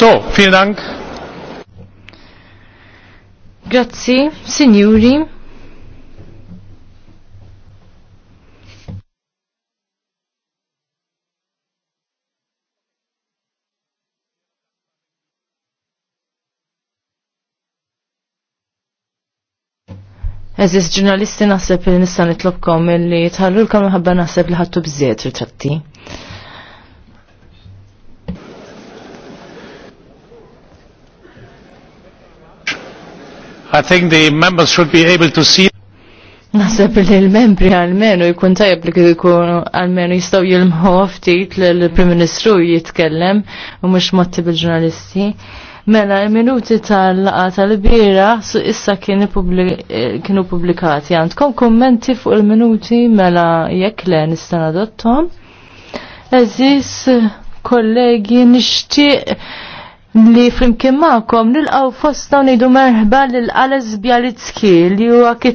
So, vielen Dank. Grazie, signori. Eżis ġurnalisti naħseb li nista' nitlobkom li tħallu l-kamra ħabba naħseb li ħattu bżiet ritratti. I think the members should be able to see Naħseb li l-membri għalmenu jkun tajab li jkunu għalmenu jistaw jilmħu ftit li l-Prim Ministru jitkellem u mux motti bil-ġurnalisti. Mela, il-minuti tal-laqa tal-bira su issa kienu publikati. Għandkom kommenti fuq il-minuti mela jekk le nistan adottom. Eżis kollegi nishtiq li flimkien ma'kom nilqaw fosta nejdu merħba l alex Bialitski li huwa kit